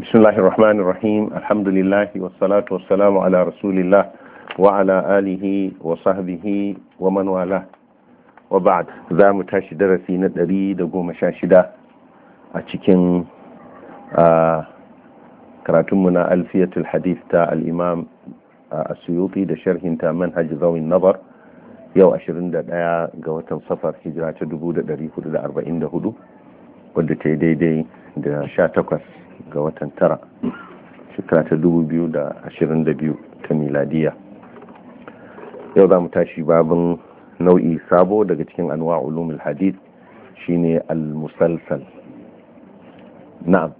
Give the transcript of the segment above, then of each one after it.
bismillahir rahmanir rahim alhamdulillahi wassalatu wassalamu ala rasulillah wa ala alihi wa sahbihi wa man wala wa ba'd za mu tashi darasi na 116 a cikin karatunmu na alfiyatul hadith ta al-imam as-suyuti da sharhin ta Manhaji zawin nabar yau 21 ga watan safar hijira ta 1444 wanda ta daidai da 18 ga watan tara shekara ta 2022 ta miladiya yau za mu tashi babin nau'i sabo daga cikin anwa ulumul hadith shine al-musalsal na'am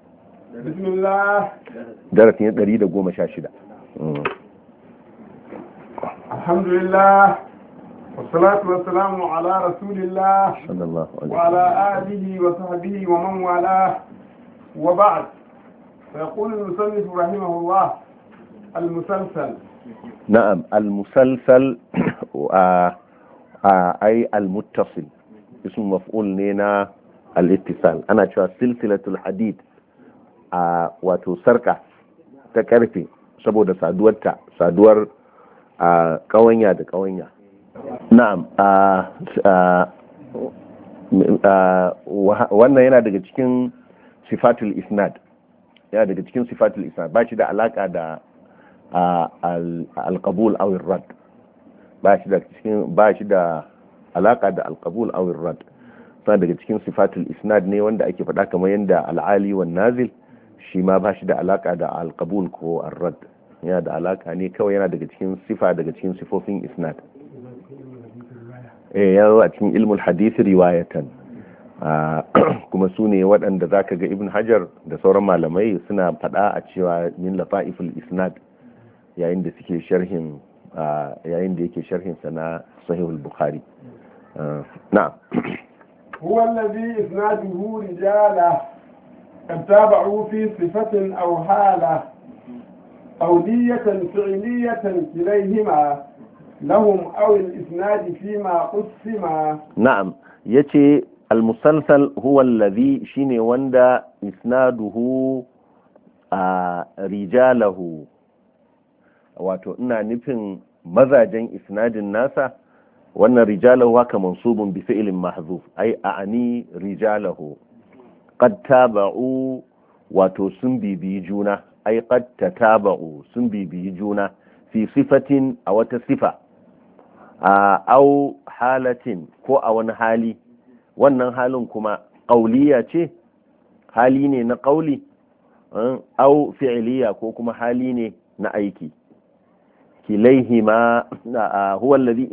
bismillah sha 116 mm. alhamdulillah والصلاة والسلام على رسول الله وعلى آله وصحبه ومن والاه وبعد فيقول المصنف رحمه الله المسلسل نعم المسلسل أي المتصل اسم مفعول لنا الاتصال أنا شو سلسلة الحديد wato sarka ta karfe saboda saduwarta saduwar kawanya da kawanya na'am wannan yana daga cikin sifatul isnad yana daga cikin sifatul isa ba shi da alaka da alkabul awin rad ba shi da cikin ba shi da alaka da alkabul awin rad sa daga cikin sifatul isnad ne wanda ake faɗa kamar yadda al'ali wa nazil shi ma ba shi da alaka da alkabul ko arrad yana da alaka ne kawai yana daga cikin sifa daga cikin sifofin isnad eh yawo a cikin ilmul hadith riwayatan Ah, kuma su ne waɗanda za ka ga ibn hajar da sauran malamai suna faɗa a cewa min ifil isnad yayin da suke sharhin ah, yayin da yake sharhin sa na sahihul bukhari ah, na huwa allazi isnaduhu rijala tataba'u fi sifatin aw hala aw niyatan fi'liyatan kilayhima lahum aw al-isnad ma qusima na'am yace المسلسل huwan الذي shine وندا إسناده آه رجاله wato ina nufin mazajen isnadin nasa wannan rijalahu haka mansubun bi fi'lin mahzuf ai a'ani rijalahu qad taba'u wato sun bibiyi juna ai qad tataba'u sun bibiyi juna fi sifatin a wata sifa a au halatin ko a wani hali wannan halin kuma ƙauliya ce hali ne na ƙauli eh, au fi'liya ko kuma hali ne na aiki kilaihi ma a huwallazi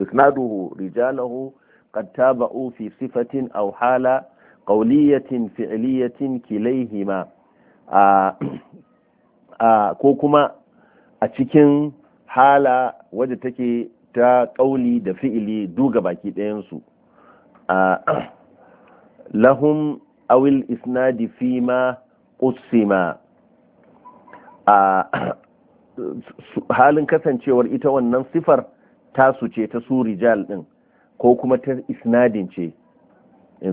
isnaduhu rijalahu qad taba'u fi sifatin aw hala qawliyatin fi'liyatin kilaihi ma ko kuma a cikin hala wadda take ta ƙauli da fi'ili duga baki ɗayansu a lahum awil isnadi fi ma ƙusima a halin kasancewar ita wannan sifar tasu ce ta su rijal ɗin ko kuma ta isnadin ce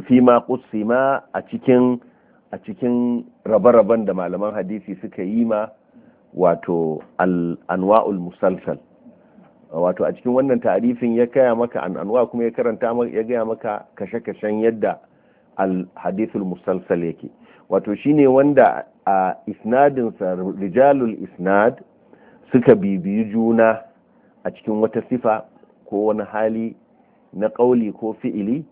fi ma ƙusima a cikin a cikin rabe-raben da malaman hadisi suka yi ma wato al'anwa'ul musalsal wato a cikin wannan tarifin ya kaya maka an anwa kuma ya karanta ya gaya maka kashe-kashen yadda al-hadithul musalsal yake wato shine wanda a isnadinsa rijalul isnad suka bibiyi juna a cikin wata sifa ko wani hali na ƙauli ko fi'ili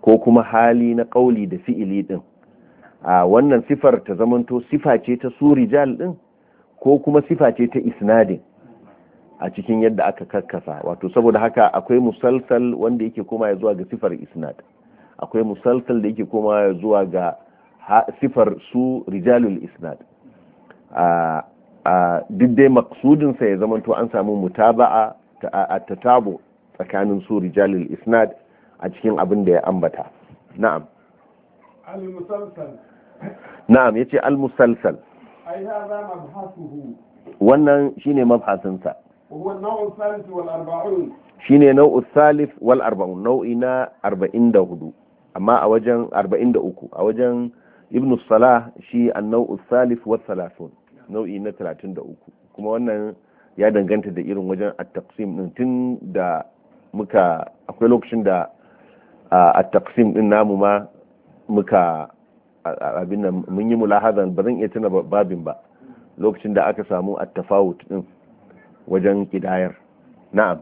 ko kuma hali na ƙauli da fi'ili din a wannan sifar ta zamanto sifa ce ta su rijal din ko kuma sifa ce ta isnadin a cikin yadda aka karkasa wato saboda haka akwai musalsal wanda yake koma ya zuwa ga sifar isnad akwai musalsal da yake koma ya zuwa ga sifar su rijalul isnad a duk dai maksudinsa ya zama to an samu mutaba'a a tatabo tsakanin su rijalul isnad a cikin abin da ya ambata na'am na'am yace al-musalsal ai hada mabhasuhu wannan shine mabhasinsa shi ne nau'u salif wal arba'un nau'i na arba'in da hudu amma a wajen arba'in da uku a wajen ibn salah shi an nau'u salif wal salasun nau'i na talatin da uku kuma wannan ya danganta da irin wajen a taqsim din tun da muka akwai lokacin da at-taqsim din namu ma muka abin mun yi mulahazan ba zan iya tuna babin ba lokacin da aka samu a tafawut din wajen kidayar na'am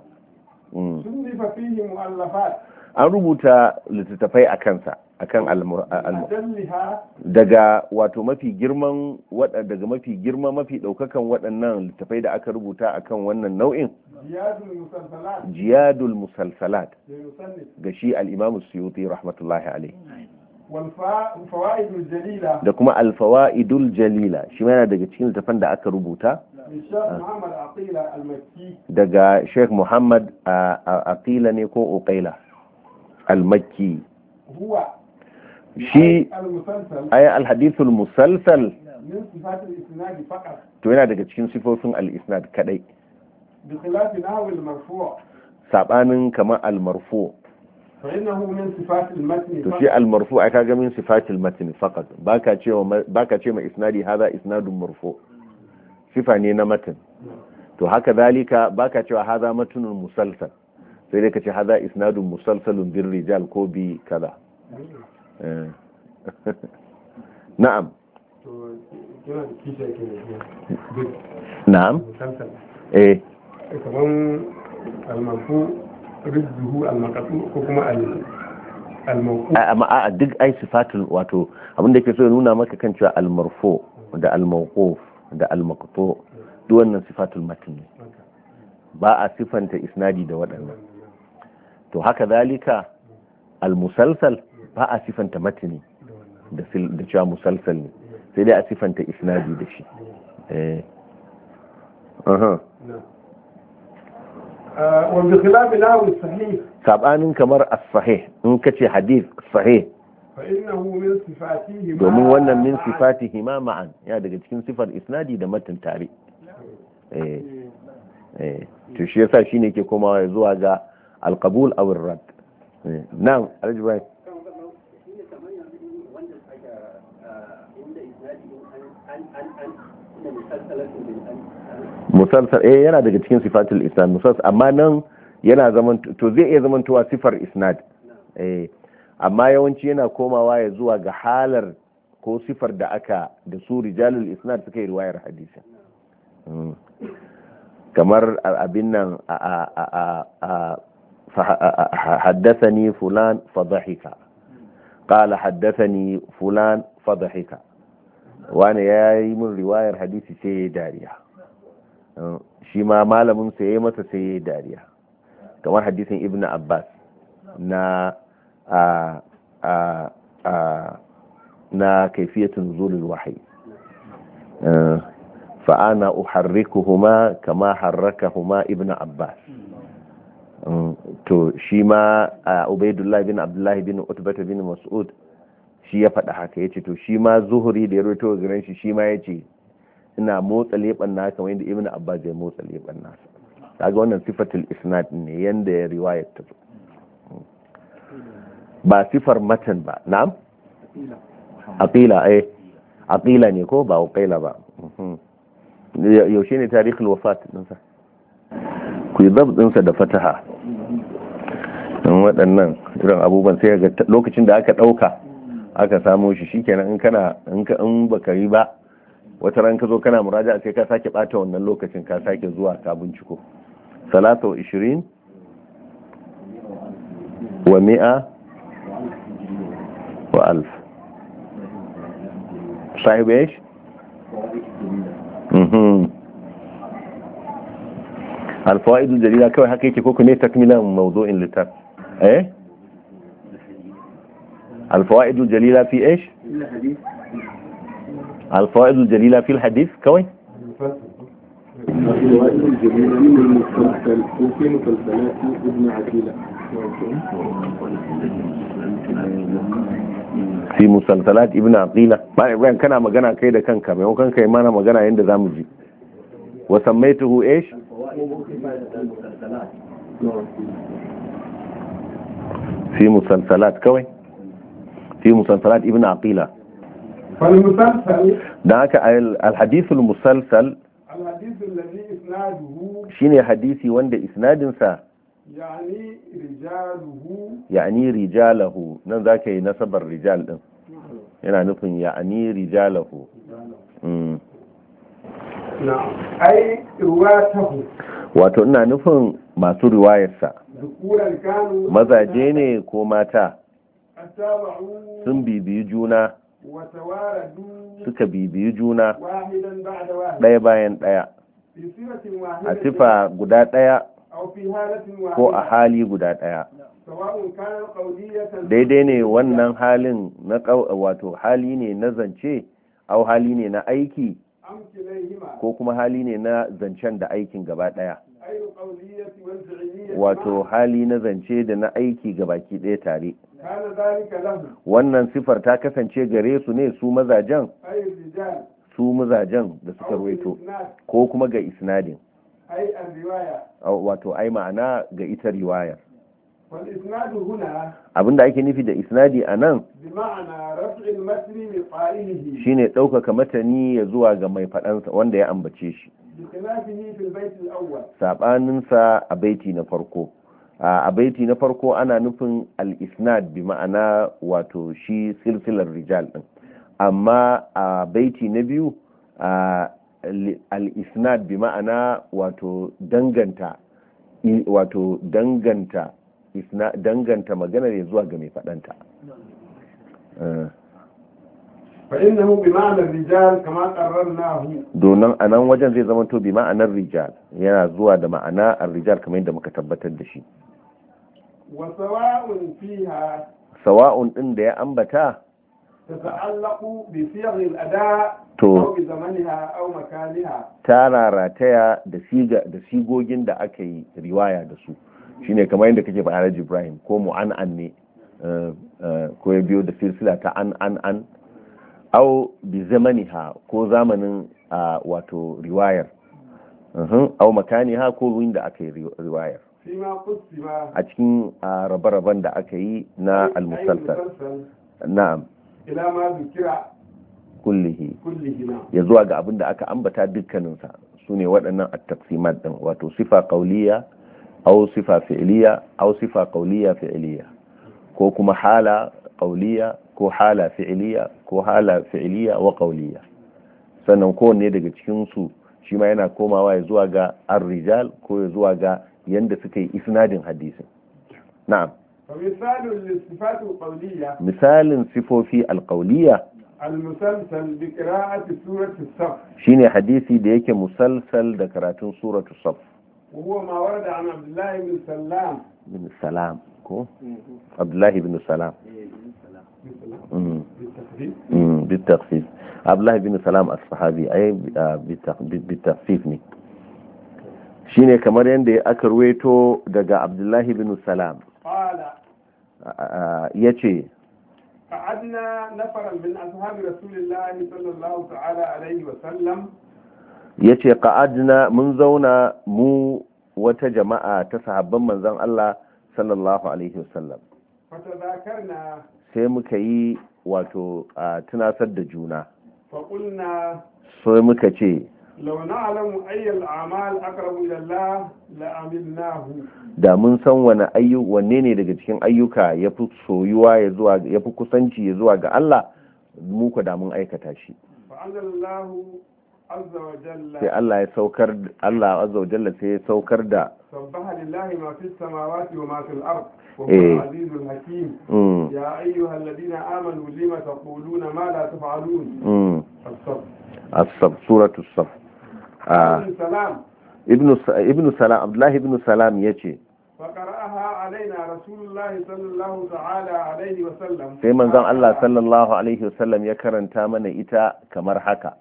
mm. an rubuta littattafai a kansa akan daga wato mafi girman daga mafi girma mafi daukakan waɗannan littattafai da aka rubuta a kan wannan nau'in jiyadul musalsalat ga shi al-imam suyuti rahmatullahi alaihi da kuma alfawa'idul jalila shi yana daga cikin littafan da aka rubuta daga sheikh muhammad aqila ne ko uqaila al-makki shi ayan alhadithul musalsal to yana daga cikin sifofin al-isnad kadai saɓanin kamar al-marfu' to shi almarfu ai kaga min sifatil matni faqat baka ce ma isnadi hadha isnadun marfu sifa ne na matan to haka zalika baka cewa hadha matnun musalsal sai dai kace hadha isnadun musalsalun bir rijal ko bi kaza eh. rizquhu al-maqtu ko kuma al a duk ai sifatul wato abin da ke so ya nuna maka kan cewa almarfo da almawquf da almaqtu duk wannan sifatul matn ba a sifanta isnadi da waɗannan to haka zalika almusalsal ba a sifanta matni da da cewa musalsal ne sai dai a sifanta isnadi da shi eh wa khilafi nahu sahih sabanin kamar as-sahih in kace hadith sahih domin wannan min sifatihi ma ma'an ya daga cikin sifar isnadi da matan tare to shi yasa shine ke komawa zuwa ga alqabul aw ar-rad na'am an musalsal eh yana daga cikin sifatul isnad musalsal amma nan yana zaman to zai iya zaman tuwa sifar isnad eh amma yawanci yana komawa ya zuwa ga halar ko sifar da aka da su rijalul isnad suka yi riwayar hadisi hmm. kamar abin nan a حدثني فلان فضحك قال حدثني ya yi min riwayar hadisi روايه حديثي سي dariya. shi ma malamin sa yayi masa sai yayi dariya kamar hadisin ibnu abbas na a a a na kaifiyatu zulul wahyi eh, fa ana uharrikuhuma kama harrakahuma ibnu abbas mm, to shi ma ubaidullahi bin abdullahi bin utbah bin mas'ud shi ya faɗa haka yace to shi ma zuhuri da ya roto garin shi shi ma ya suna motsa leɓen na kamar yadda ibn abbas ya motsa leɓen nasa kaga wannan sifatul isnad ne yanda ya riwayar ta zo ba sifar matan ba na'am aqila eh aqila ne ko ba aqila ba mhm. yaushe ne tarihul wafat sa ku yi sa da fataha dan waɗannan irin abubuwan sai ga lokacin da aka ɗauka aka samo shi shikenan in kana in baka yi ba wata ran ka zo kana muraja sai ka sake bata wannan lokacin ka sake zuwa ka binciko salatu 20 wa mi'a wa alf saibesh mhm alfa'id aljalila kawai haka yake koko ne takmilan mawdu'in litaf eh alfa'id aljalila fi ايش alfawa'idul jalila fil hadith kawai الفوائد الجميلة من المسلسل وفي مسلسلات ابن عتيلة في مسلسلات ابن عقيلة ما إبراهيم كان مجانا كيدا كان كم يوم كان كيمانا مجانا عند زامجي وسميته إيش في مسلسلات كوي في مسلسلات ابن عقيلة da haka alhadisul musalsal shi ne hadisi wanda isnadinsa ya'ani rijalahu nan za ka yi nasabar rijal din yana nufin ya'ani rijalahu hmm. wato ina nufin masu riwayarsa mazaje ne ko mata sun bibiyi juna suka bibiyi juna ɗaya bayan ɗaya a sifa guda ɗaya ko a hali guda ɗaya daidai ne wannan halin na wato hali ne na zance au hali ne na aiki ko kuma hali ne na zancen da aikin gaba ɗaya wato hali na zance da na aiki gabaki ɗaya tare wannan sifar ta kasance gare su ne su mazajen su mazajen da suka ruwaito ko kuma ga isnadin wato ai ma'ana ga ita riwaya. abinda ake nufi da isnadi a nan shi ne ɗaukaka matani ya zuwa ga mai faɗansa wanda ya ambace shi saɓaninsa a baiti na farko a baiti na farko ana nufin al-isnad bi ma'ana wato shi silsilar rijal din amma a baiti na biyu al-isnad bi ma'ana wato danganta wato danganta danganta maganar ya zuwa ga mai faɗanta فإنه بمعنى الرجال كما قررناه Rijal, أنا وجن زي زمان تو بمعنى الرجال ينا زوا ده معنى الرجال كما يندم كتبتر دشي وسواء فيها سواء إن ده أنبتا تتعلق بصيغ الأداء to tara rataya da siga da sigogin da aka yi riwaya da su shine kamar yadda kake faɗa Ibrahim ko an-an ne ko ya biyo da silsila ta an an an au bi zamaniha ko zamanin wato riwayar au makaniha ko ruwin da aka yi riwayar a cikin rabe-raben da aka yi na al-musalsal na'am ila ma zikira kullihi ya zuwa ga abin da aka ambata dukkaninsa su ne waɗannan at-taqsimat din wato sifa qawliya au sifa fi'liya au sifa qawliya fi'liya ko kuma hala qauliya ko hala fi'liya ko hala fi'liya wa qauliya sannan kowanne daga cikin su shi ma yana komawa ya zuwa ga ar-rijal ko ya zuwa ga yanda suka yi isnadin hadisin na'am misalin sifofi alƙauliya shine hadisi da yake musalsal da karatun suratu saf abdullahi bin salam ko mm-hmm. abdullahi bin salam eh, Mm. بالتخفيف mm, عبد الله بن سلام الصحابي ne shine kamar yadda aka ruweto daga abdullahi bin salam ya ce ya ce ƙa'adina mun zauna mu wata jama'a ta sahabban manzan Allah sallallahu Alaihi wasallam. sai muka yi wato a tunasar da juna sai muka ce da mun san wani wanne ne daga cikin ayyuka ya fi soyuwa ya fi kusanci ya zuwa ga Allah mu ku da aikata shi sai Allah ya saukar Allah azza wa jalla sai ya saukar da sabbaha lillahi ma fis samawati wa ma fil ard wa huwa eh. azizul hakim mm. ya ayyuhalladhina amanu lima taquluna ma la taf'alun mm. as-sab suratu as-sab ah. ibn ibn salam abdullah ibn salam yace sai manzon Allah sallallahu alaihi sallam ya karanta mana ita kamar haka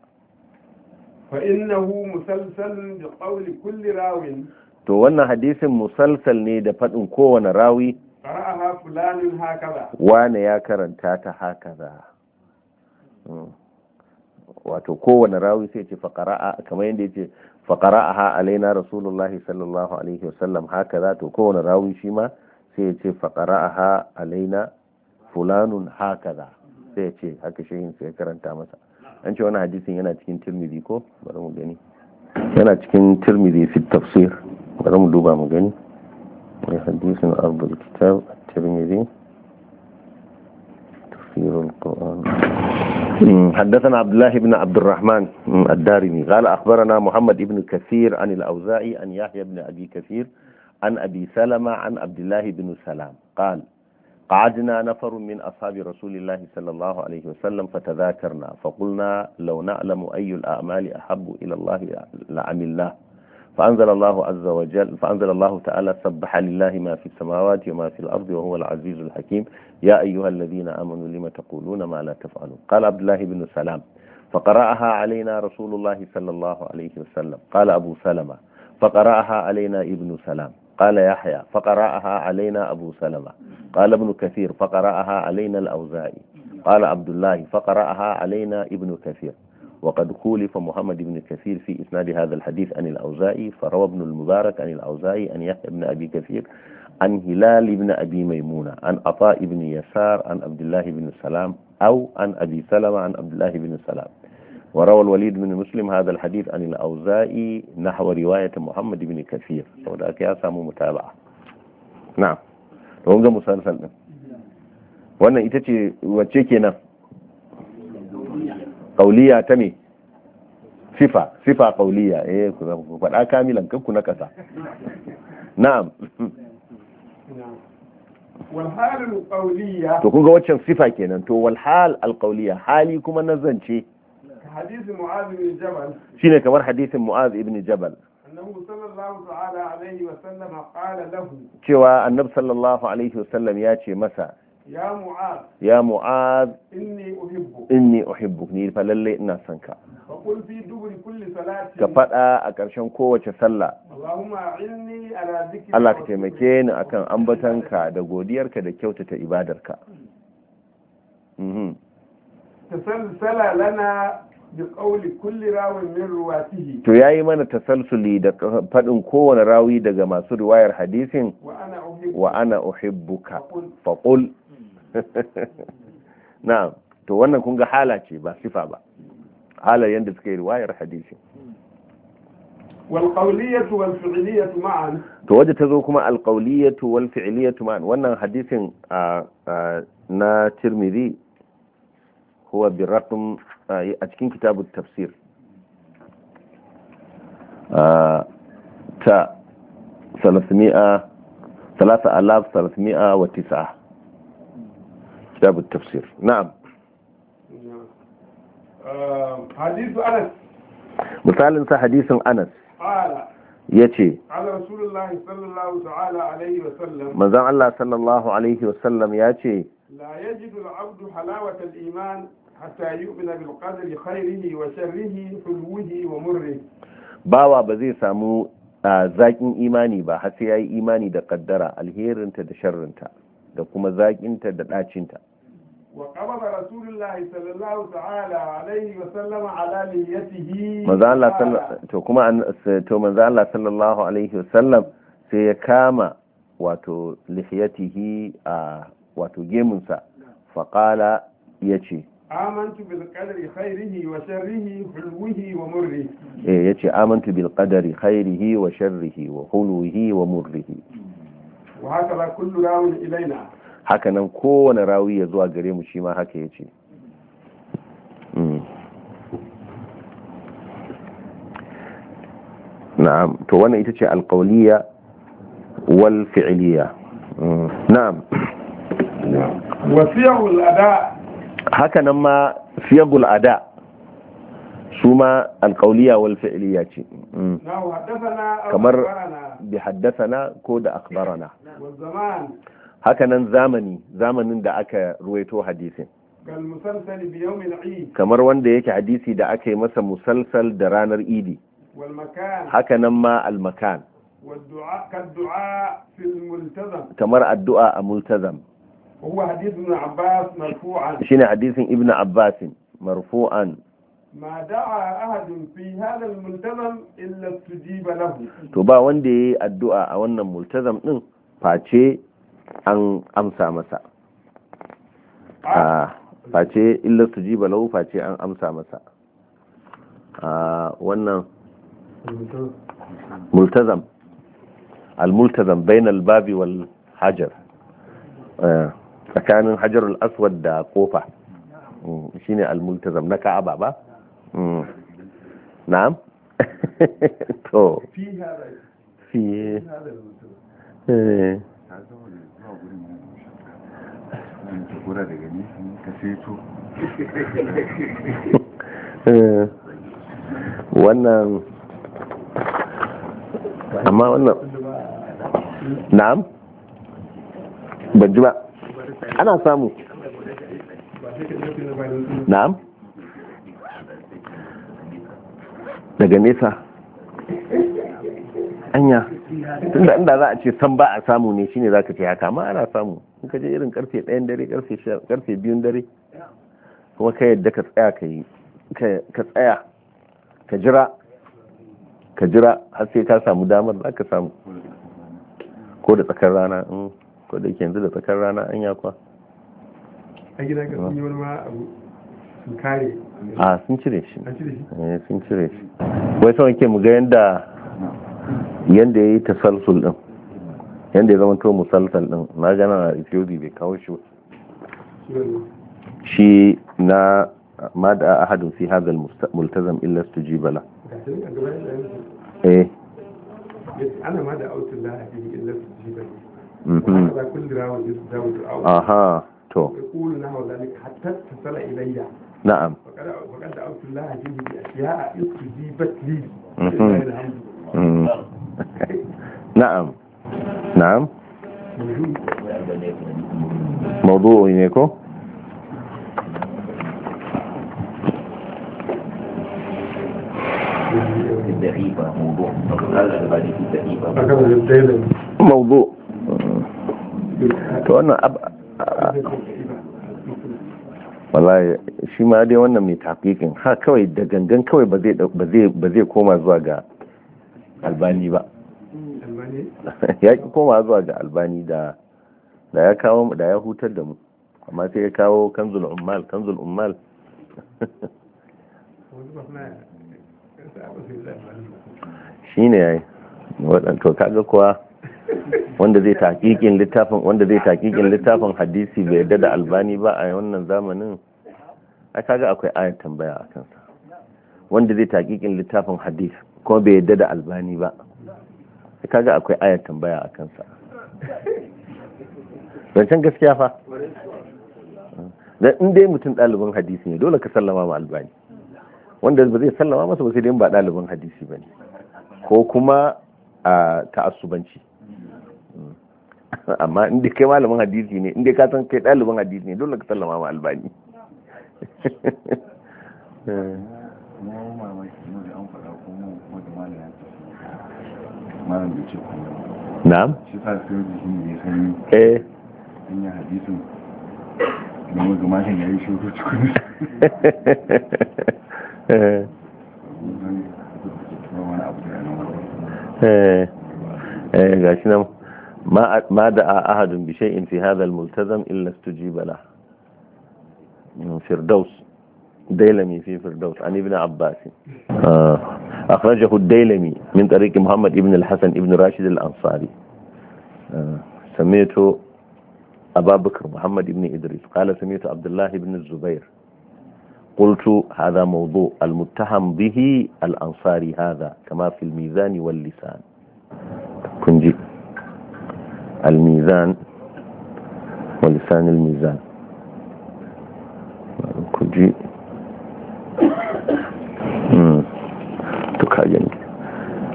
فإنه مسلسل بقول كل راو kulli rawin to wannan hadisin musalsal ne da faɗin kowane rawi qara'aha fulanin hakaza wane ya karanta ta hakaza hmm. wato kowane rawi sai ce faqara'a kamar yadda yace faqara'aha alaina rasulullahi sallallahu alaihi wasallam hakaza to kowane rawi shi ma sai ya ce faƙara'aha alaina fulanun hakaza sai ya ce haka shehin sai ya karanta masa an ce wani hadisin yana cikin tirmidhi ko bari mu gani yana cikin tirmidhi fi tafsir bari mu duba mu gani wani hadisin abdul kitab tirmidhi تفسير القران حدثنا عبد الله بن عبد الرحمن الدارمي قال اخبرنا محمد بن كثير عن الاوزاعي عن يحيى بن ابي كثير عن ابي عن عبد الله بن سلام قال قعدنا نفر من أصحاب رسول الله صلى الله عليه وسلم فتذاكرنا فقلنا لو نعلم أي الأعمال أحب إلى الله الله فأنزل الله عز وجل فأنزل الله تعالى سبح لله ما في السماوات وما في الأرض وهو العزيز الحكيم يا أيها الذين آمنوا لم تقولون ما لا تفعلون قال عبد الله بن سلام فقرأها علينا رسول الله صلى الله عليه وسلم قال أبو سلمة فقرأها علينا ابن سلام قال يحيى فقرأها علينا أبو سلمة قال ابن كثير فقرأها علينا الأوزاعي قال عبد الله فقرأها علينا ابن كثير وقد خولف محمد بن كثير في إسناد هذا الحديث عن الأوزاعي فروى ابن المبارك عن الأوزاعي عن يحيى بن أبي كثير عن هلال بن أبي ميمونة عن عطاء بن يسار عن عبد الله بن سلام أو عن أبي سلمة عن عبد الله بن سلام وروى الوليد بن مسلم هذا الحديث عن الأوزائي نحو رواية محمد بن كثير سوداك يا سامو متابعة نعم لهم ده مسلسل وانا itace wacce kenan kauliya ta me sifa sifa kauliya eh ku faɗa kamilan kanku na ƙasa na'am to kun waccan sifa kenan to walhal alƙauliya hali kuma na zance hadisi kamar hadisin mu'az ibn jabal cewa annabi sallallahu alaihi wasallam ya ce masa ya mu'az ya mu'az inni uhibbu ka faɗa a ƙarshen kowace sallah Allah ka taimake ni akan ambatanka da godiyarka da kyautata ibadarka bi kulli rawin min ruwatihi to yayi mana tasalsuli da faɗin kowane rawi daga masu riwayar hadisin wa ana uhibbuka fa qul na'am to wannan kun ga hala ce ba sifa ba hala yanda suke riwayar hadisin wal qawliyatu wal fi'liyatu ma'an to waje tazo kuma al qawliyatu wal fi'liyatu wannan hadisin a na Tirmidhi huwa bi a cikin kitabun tafsir ta salasa alaf salasmi'a wa tisa kitabun tafsir na'am hadisu anas misalin sa hadisin anas ya ce manzan Allah sallallahu alaihi wasallam ya ce la yajidu al'abdu halawatal iman حتى يؤمن بالقدر خيره وشره حلوه ومره hulwihi بزي سامو bawa ba zai samu imani ba har sai yayi imani da kaddara alherinta da sharrinta da kuma zaƙinta da ɗacinta. وقبض رسول الله صلى alaihi wa عليه وسلم على لحيته Allah to kuma to manzo Allah sallallahu alaihi wa sallam sai ya kama wato lihiyatihi a wato gemunsa faqala yace amantu bil qadari khairihi wa sharrihi hulwihi wa murrihi eh yace amantu bil qadari khairihi wa sharrihi wa hulwihi wa murrihi wa haka kullu rawin ilaina haka nan kowane rawi ya zuwa gare mu shi ma haka yace hmm. na'am to wannan ita ce alqawliya wal fi'liya hmm. na'am wasiyul ada' hakanan ma fiye ada su ma alkauliya wal fi'liya ce mm. kamar bi haddasana ko da akbarana hakanan zamani zamanin da aka ruwaito hadisin kamar wanda yake hadisi da aka yi masa musalsal da ranar idi hakanan ma almakan kamar addu'a a multazam هو حديث ابن عباس مرفوعا شنو حديث ابن عباس مرفوعا ما دعا احد في هذا الملتزم الا استجيب له تو با وندي الدعاء أو أن الملتزم نن فاتشي أن أمسى مسا face illa su ji balau face an amsa masa a wannan ملتزم الملتزم بين الباب والحجر wal tsakanin hajarul aswad da kofa mm, shine almultazam na ka'aba ba mm. na'am to eh. Eh. wannan amma wannan na'am ban ji ba ana samu na'am daga nesa anya tunda inda za a ce san ba a samu ne shine ka ce haka amma ana samu in ka je irin karfe ɗayan dare karfe biyun dare kuma ka yadda ka tsaya ka yi ka tsaya ka jira ka jira har sai ka samu damar za ka samu ko da tsakar rana mm. ko da ke yanzu da tsakar rana an yakwa a gida ka sun yi wani ma abu sun kare a sun cire shi eh, sun cire shi wai sau ke mu ga yanda yanda ya yi tasalsul din yanda ya zama to musalsal din na gana na ethiopia bai kawo shi ba shi na ma da ahadun fi hazal multazam illa su ji bala eh ana ma da autullahi illa stujiba وعلى كل راوي الأول أها تو يقول نحو ذلك حتى اتصل إلي نعم وقد دعوت الله جل بأشياء استجيبت لي نعم نعم موضوع إنيكو موضوع موضوع to wannan wallahi shi ma dai wannan mai tafikin ha kawai da gangan kawai ba zai koma zuwa ga albani ba ya ki koma zuwa ga albani da ya kawo da ya hutar da mu amma sai ya kawo kanzul ummal kanzul ummal shi ne ya yi waɗanda kaga kuwa wanda zai taƙiƙin littafin wanda zai takikin littafin hadisi bai yarda da albani ba a wannan zamanin a kaga akwai ayar tambaya a kansa wanda zai taƙiƙin littafin hadis kuma bai yarda da albani ba a kaga akwai ayar tambaya a kansa wancan gaskiya fa in dai mutum ɗalibin hadisi ne dole ka sallama ma albani wanda ba zai sallama masa ba sai dai ba ɗalibin hadisi ba ne ko kuma a ta'assubanci amma inda kai malamin hadisi ne inda ka san kai ɗaliban hadisi ne dole ka sallama ma albani na'am shi sai ne eh in ya da ya yi shuru cikin gashi إيه، ما ما دعا أحد بشيء في هذا الملتزم إلا استجيب له فردوس istujiba ديلمي في فردوس عن ابن عباس آه. أخرجه الديلمي من طريق محمد ابن الحسن ابن راشد الأنصاري آه. سميته أبا بكر محمد ابن إدريس قال سميته عبد الله بن الزبير قلت هذا موضوع المتهم به الأنصاري هذا كما في الميزان واللسان kunji al-mizan hmm.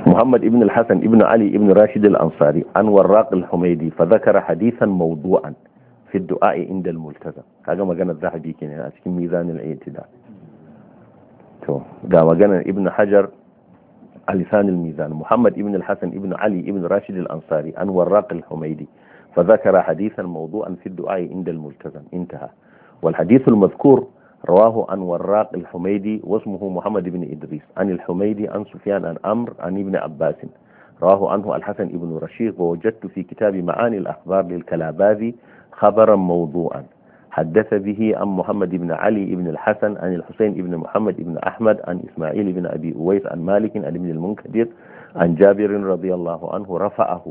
muhammad ibn al ibn ali ibn rashid al-ansari an warraq al-humaydi fa zakara hadithan mawdu'an fi inda al-multazam kaga magana zahabi kenan a cikin mizan al-i'tidal to maganar ibn hajar لسان الميزان محمد ابن الحسن ابن علي ابن راشد الأنصاري عن وراق الحميدي فذكر حديثا موضوعا في الدعاء عند الملتزم انتهى والحديث المذكور رواه عن وراق الحميدي واسمه محمد بن إدريس عن الحميدي عن سفيان عن أمر عن ابن عباس رواه عنه الحسن ابن رشيق ووجدت في كتاب معاني الأخبار للكلاباذي خبرا موضوعا حدث به عن محمد بن علي بن الحسن عن الحسين بن محمد بن أحمد عن إسماعيل بن أبي أويس عن مالك عن ابن المنكدر عن جابر رضي الله عنه رفعه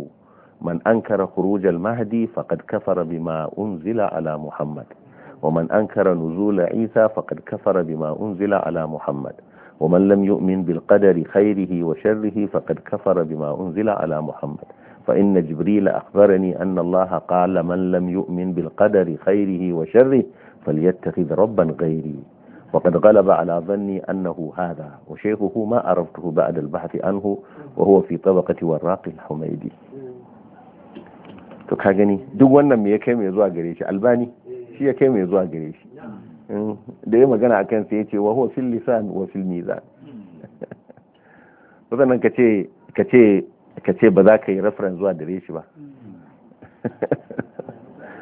من أنكر خروج المهدي فقد كفر بما أنزل على محمد ومن أنكر نزول عيسى فقد كفر بما أنزل على محمد ومن لم يؤمن بالقدر خيره وشره فقد كفر بما أنزل على محمد فإن جبريل أخبرني أن الله قال من لم يؤمن بالقدر خيره وشره فليتخذ ربا غيري وقد غلب على ظني أنه هذا وشيخه ما أرفته بعد البحث عنه وهو في طبقة وراق الحميدي to ka gani duk wannan me ya kai mai zuwa gare shi albani shi ya kai mai zuwa gare shi da ya magana a kansa ya ce wa huwa fil lisan wa fil mizan sannan ka ce ka ce ba za ka yi reference zuwa dare shi ba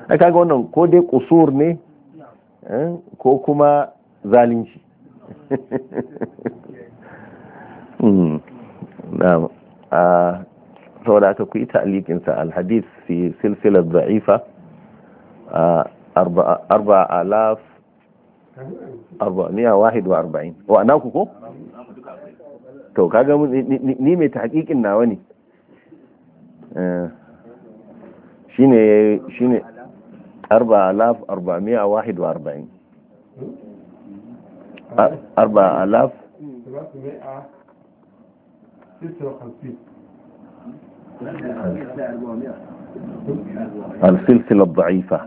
a kaga wannan ko dai kusur ne eh, ko kuma zalunci hmm, ah, saboda aka ku yi ta'alikinsa alhadis fi silsilar za'ifa ah, arba alaf miya wahid wa arba'in wa anaku ko? to kaga ni mai ta hakikin nawa ne شيني شيني أربعة آلاف أربعمائة واحد وأربعين أربعة آلاف السلسلة الضعيفة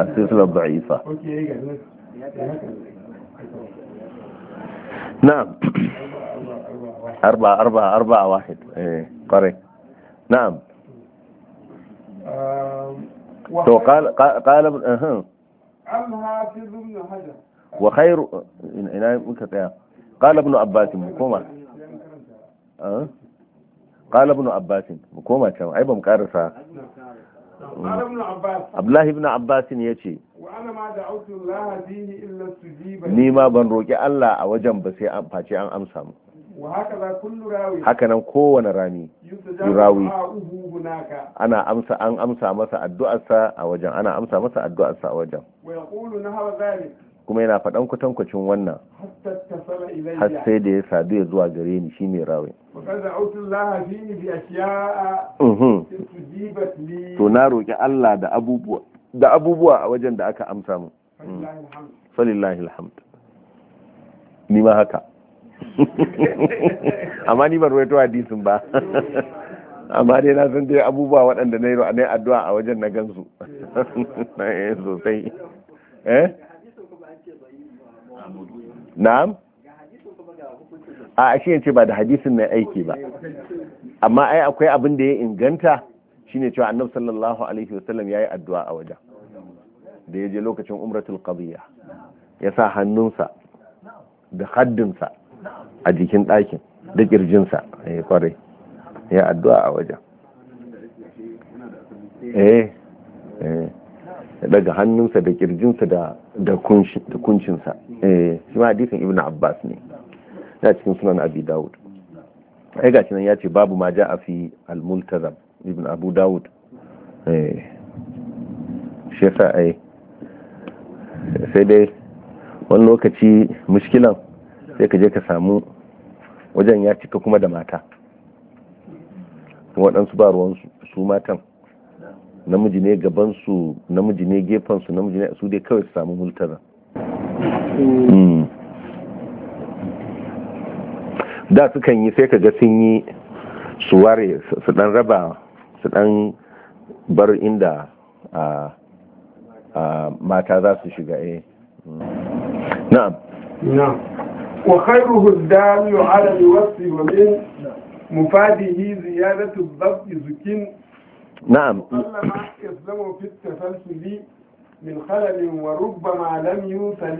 السلسلة الضعيفة نعم أربعة أربعة أربعة واحد قري نعم تو قال قال أها عم حافظ بن حجر وخير قال ابن عباس مكوما قال ابن عباس مكومة كما أي بمكارسة قال ابن عباس عبد الله ابن عباس يجي وانا ما دعوت الله فيه إلا استجيب ni ma ban roƙi Allah a wajen ba sai an face haka nan kowane rami rawi ana amsa an amsa masa addu'arsa a wajen ana amsa masa addu'arsa a wajen kuma yana faɗan kwatankwacin wannan har sai da ya sadu ya zuwa gare ni shi mai rawi mhm. to na roƙi Allah da abubuwa da abubuwa a wajen da aka amsa mu salillahi alhamdu ni ma haka amma ni ban rawaito hadisin ba amma dai na san dai abubuwa waɗanda na yi addu'a a wajen na gansu Na yi sosai eh na'am a ashe ce ba da hadisin na aiki ba amma ai akwai abin da ya inganta shine cewa annabi sallallahu alaihi wasallam yayi addu'a a wajen da ya je lokacin umratul qadiyya ya sa hannunsa da haddinsa a jikin ɗakin da ƙirjinsa ya eh, kwarai ya addu'a a wajen eh daga eh. hannunsa da ƙirjinsa da kuncinsa eh, shi ma hadisin ibn abbas ne na cikin sunan abi dawud ai gashi nan ya ce babu ma ja a fi al-multazam ibn abu dawud shi sai dai wani lokaci mushkilan sai ka je ka samu wajen ya cika kuma da mata waɗansu ba ruwansu su matan namiji ne gabansu namiji ne gefensu namiji ne su dai kawai su samu multara hmm. da sukan yi sai ka ga sun yi su ware su dan raba su dan bar inda a mata za su shiga eh hmm. na'am na'am وخيره الدال على الوصف ومن مفاده زيادة الضبط زكين نعم وقلما يسلم في التسلسل من خلل وربما لم يوصل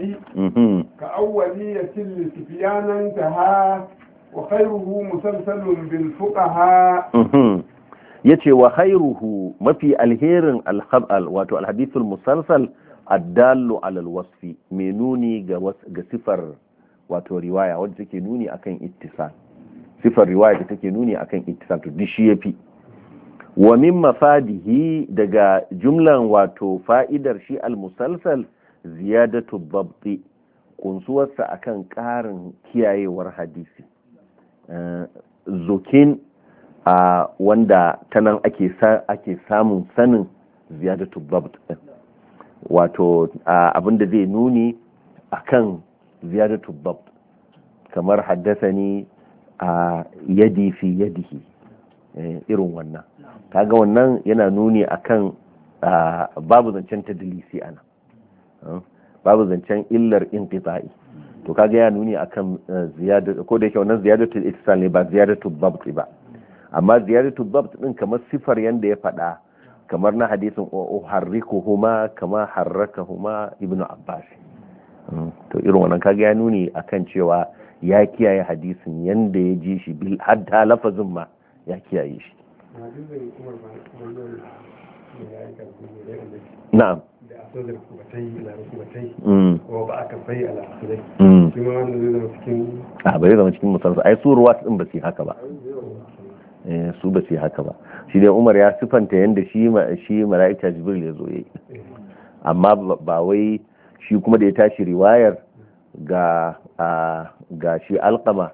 كأولية لسفيان انتهى وخيره مسلسل بالفقهاء yace wa khairuhu mafi alherin alhabal wato alhadithul musalsal addallu ala alwasfi mai nuni ga sifar wato riwaya wadda take nuni akan ittisal sifar riwaya da take nuni akan ittisal to duk shi yafi wa min mafadihi daga jumlan wato fa'idar shi al-musalsal ziyadatu babbi kunsuwarsa akan ƙarin kiyayewar hadisi eh, zokin a wanda ta nan ake samun sanin ziyadatu babbi wato abinda zai nuni akan ziyadatu dhabt kamar haddasani a yadi fi yadihi irin wannan kaga wannan yana nuni akan babu zancen tadlisi ana babu zancen illar inqita'i to kaga ya nuni akan ziyada ko da yake wannan ziyadatu ittisal ne ba ziyadatu dhabt ba amma ziyadatu dhabt din kamar sifar yanda ya faɗa kamar na hadisin uharrikuhuma kama harrakahuma ibnu abbas to irin wannan kaga ya nuni akan cewa ya kiyaye hadisin yanda ya ji shi bil hadda lafazin ma ya kiyaye shi na'am mm. a bai mm. zama cikin ah, musamman ai su ruwa din ba su haka ba eh, su ba su haka ba shi dai umar ya sifanta yadda shi mala'ika jibril ya zo eh. amma ba wai shi kuma da ya tashi riwayar ga ga shi alkama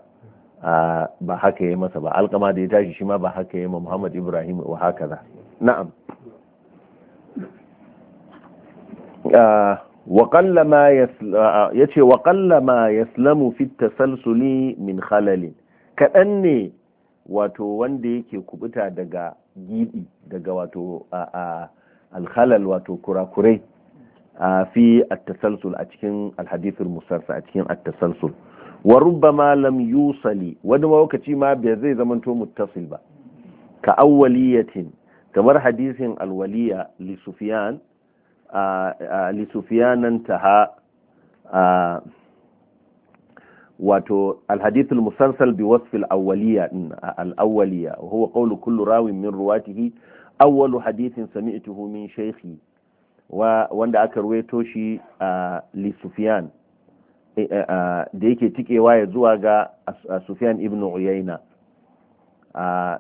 ba haka ya masa ba alkama da ya tashi shi ma ba haka ya ma muhammad ibrahim wa haka za na'am ya ce waƙalla ma yaslamu fi salsuli min halalin. kaɗan ne wato wanda yake kubuta daga gidi daga wato alhalal wato kurakurai fi at-tasalsul a cikin al musarsa a cikin at wa rubbama lam yusali wani lokaci ma bai zai zamanto muttasil ba ka awwaliyatin kamar hadisin alwaliya li sufyan li sufyanan taha wato alhadith almusalsal bi wasf alawliya alawliya huwa qawlu kullu rawin min ruwatihi awwalu hadithin sami'tuhu min shaykhi wanda aka ruwaito shi a li sufyan eh, eh, da yake tikewa ya zuwa ga Sufiyan ibn uyayna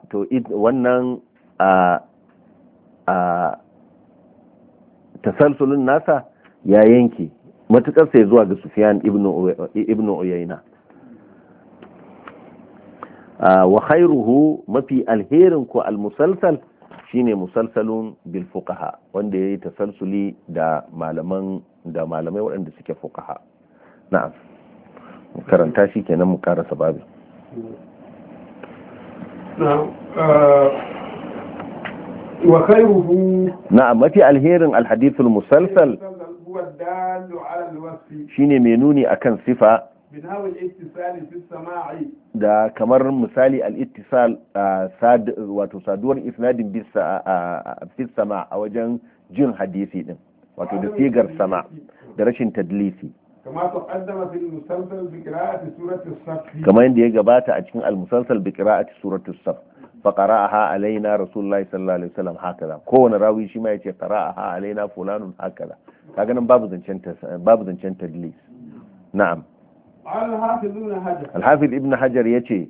to wannan tasalsulun nasa ya yanke matukar sai zuwa ga Sufiyan ibn uyayna wa khairuhu mafi alherin ko musalsal shine musalsalun bil fuqaha wanda yayi tasalsuli da malaman da malamai waɗanda suke fuqaha na'am karanta shi kenan mu karasa babu eh, wa khairuhu na'am mafi alherin alhadithul musalsal shine mai nuni akan sifa da kamar misali al-ittisal wato saduwar isnadin bis sama a wajen jin hadisi din wato da sigar sama da rashin tadlisi kamar yadda ya gabata a cikin al-musalsal bi qira'ati surati saf fa qara'aha alaina rasulullahi sallallahu alaihi wasallam hakaza kowane rawi shi ma yace qara'aha alaina fulanun hakaza kaga nan babu zancen babu zancen tadlis na'am Alhafiz Ibn Hajar ya ce,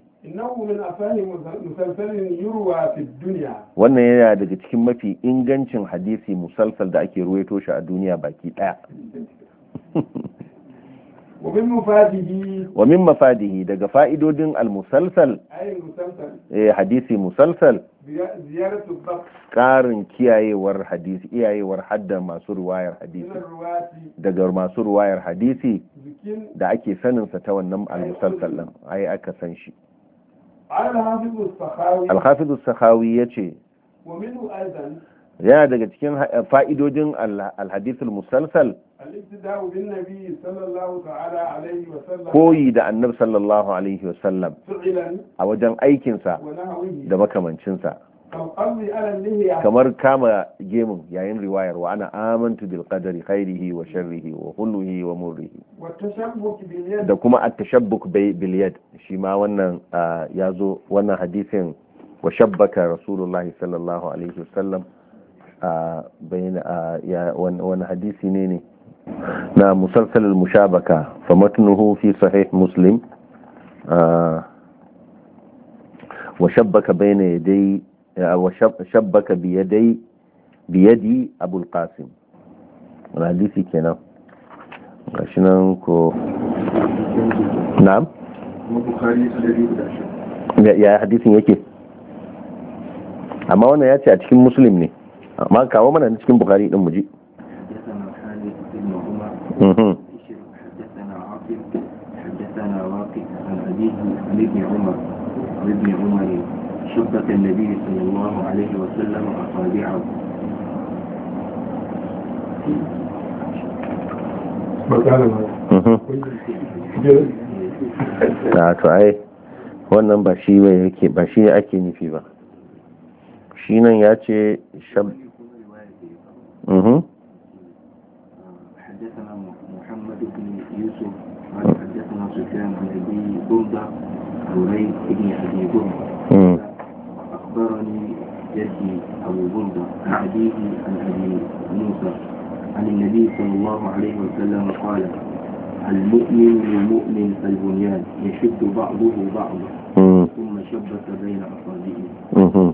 Wannan yana daga cikin mafi ingancin hadisi musalsal da ake ruwaito shi a duniya baki ɗaya. Wa min mafadihi daga fa'idodin al-musalsal, eh, hadisi musalsal, ƙarin kiyayewar hadisi iyayewar hadda masu ruwayar hadisi daga masu ruwayar hadisi da ake saninsa ta wannan al-musalsal din ai aka san shi al-hafiz as-sakhawi yace yana daga cikin eh, fa'idodin alhadithul musalsal koyi da annab sallallahu alaihi wasallam a wajen aikinsa da makamancinsa kamar kama gemun yayin riwayar wa ana amantu bil qadari khairihi wa sharrihi wa kulluhi wa murrihi da kuma at-tashabbuk bil yad shi ma wannan ah, yazo wannan hadisin wa shabbaka rasulullahi sallallahu alaihi wasallam a bayan wani hadisi ne ne na musalsalar mushabaka fa matnuhu fi sahih muslim wa shabbaka bayna yadai wa shabbaka bi yadai bi yadi abul qasim hadisi kenan gashi nan ko na'am ya hadisin yake amma wannan ya ce a cikin muslim ne amma kawo mana cikin bukari din muji ji شبك النبي صلى الله عليه وسلم أصابعه to ai wannan ba shi ake nufi ba shi nan ya ce حدثنا محمد بن يوسف قال حدثنا سفيان عن ابي بردة بريد بن ابي بردة اخبرني جدي ابو بردة عن ابيه عن ابي موسى عن النبي صلى الله عليه وسلم قال المؤمن للمؤمن كالبنيان يشد بعضه بعضا ثم شبك بين اصابعه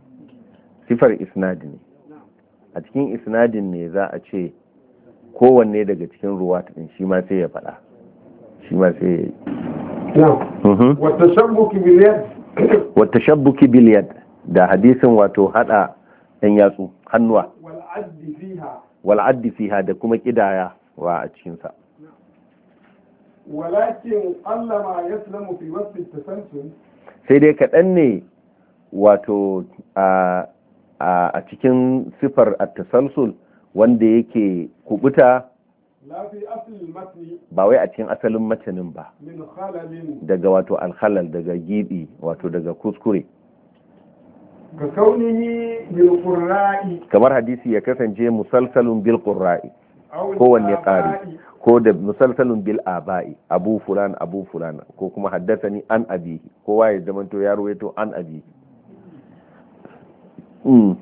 sifar isnadi ne a cikin isnadin ne za a ce kowanne daga cikin ruwa din shi ma sai ya faɗa shi ma sai ya yi wata shabbuki biliyar da hadisin wato hada ɗan yatsu hannuwa wal'addi fiha da kuma kidaya wa a cikinsa walakin allama ya wasu sai dai kaɗan ne wato a a cikin sifar at-tasalsul wanda yake kubuta ba wai a cikin asalin matanin ba daga wato alhalal daga gibi wato daga kuskure kamar hadisi ya kasance musalsalun bil qurra'i kowanne ƙari ko da musalsalun bil aba'i abu fulan abu fulan ko kuma haddasa ni an abi kowa ya zamanto ya ruwaito an abi Hmm.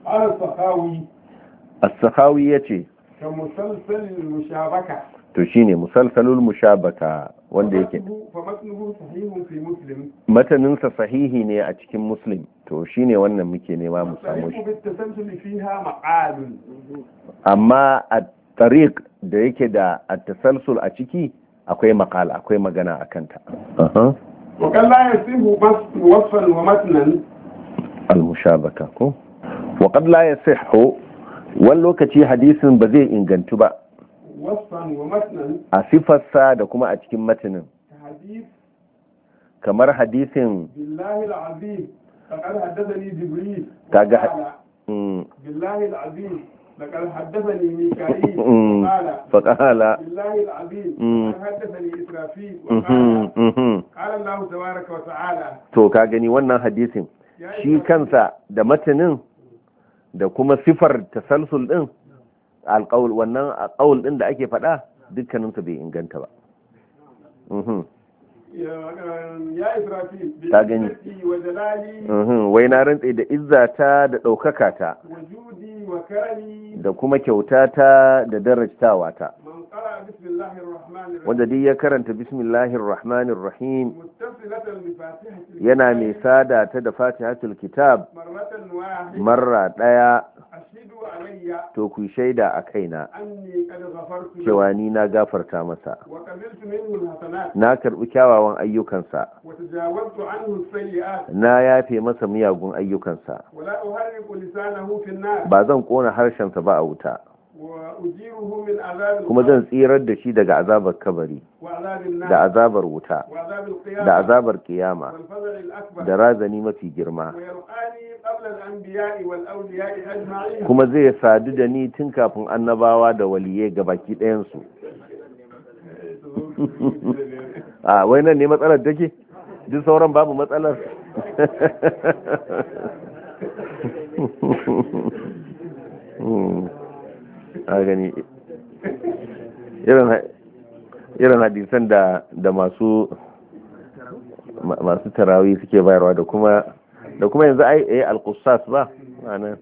as-sakhawi yace ka musalsalul mushabaka to shine musalsalul mushabaka wanda yake mataninsa sahihi ne a cikin muslim to shine wannan muke nema mu samu shi amma a tariq da yake da at-tasalsul a ciki akwai maqala akwai magana a kanta wa kan wasfan wa matnan al-mushabaka ko wa qad la wani lokaci hadisin ba zai ingantu ba a sifarsa da kuma a cikin matanin kamar hadisin kaga لقد حدثني ميكائيل قال فقال بالله العظيم حدثني إسرافيل وقال قال الله تبارك وتعالى تو كاغني wannan hadisin shi kansa da matanin da kuma sifar tasalsul din alƙawul, wannan alƙawul din da ake faɗa su bai inganta ba mhm. um, ta gani mhm, wai na rantse da izzata da ɗaukaka ta da kuma kyautata da darajtawa ta wanda duk ya karanta bismillahir rahmanir rahim yana mai sada ta da fatihatul kitab marra daya to ku shaida a kaina cewa ni na gafarta masa na karbi kyawawan ayyukansa na yafe masa miyagun ayyukansa ba zan kona harshensa ba a wuta kuma zan tsirar da shi daga azabar kabari da azabar wuta da azabar kiyama da razani mafi girma kuma zai sadu da ni tun kafin annabawa da waliye ga baki ɗayansu a wai ne matsalar take duk sauran babu matsalar Hmm. a gani irin hadisan da da masu masu tarawi suke bayarwa da kuma da kuma yanzu ai eh al-qussas ba anan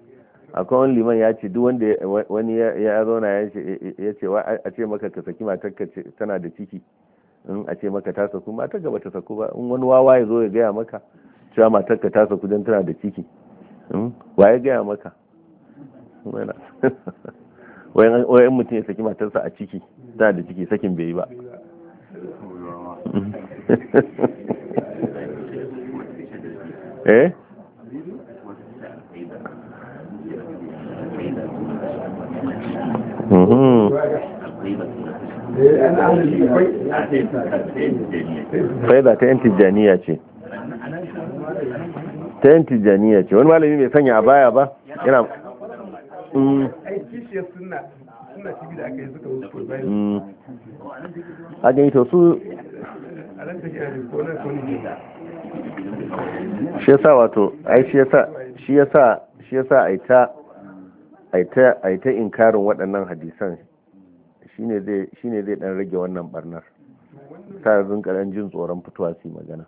akwai wani liman ya ce duk wanda wani ya zauna ya ce wa a ce maka ka saki matar ka tana da ciki in a ce maka ta saku matar ka bata saku ba in wani wawa ya zo ya gaya maka cewa matar ka ta saku don tana da ciki hmm? wa ya gaya maka wayan mutum ya saki matarsa a ciki ta da ciki sakin bai yi ba eh mm-hmm. faida ta yan tijjaniya ce ta yan tijjaniya ce wani malami bai sanya a baya ba yana Mm. Mm. a gani to su shi yasa wato ai shi yasa shi yasa a yasa aita inkarin waɗannan hadisan shi ne zai ɗan rage wannan barnar ta zun karan jin tsoron fitowa su magana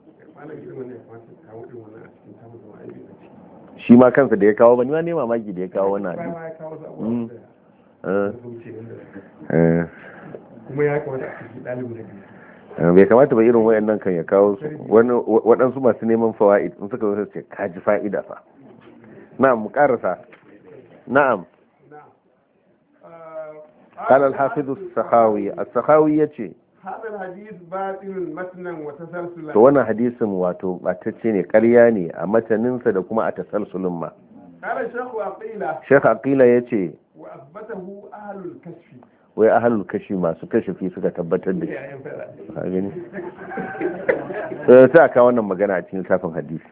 shi ma kansa da ya kawo ba ni ma ne mamaki da ya kawo wani abu mm. eh. eh. kamata eh, bai kamata ba irin wayannan kan ya kawo su waɗansu masu neman fawa'id in suka zo ce ka ji fa'ida fa na'am mu karasa na'am قال الحافظ السخاوي السخاوي يتي to wannan hadisin wato batacce ne ƙarya ne a mataninsa da kuma a tasalsulun ma shekh aƙila ya ce wai a ahalul kashi masu kashafi suka tabbatar da shi ta aka wannan magana a cikin safin hadisi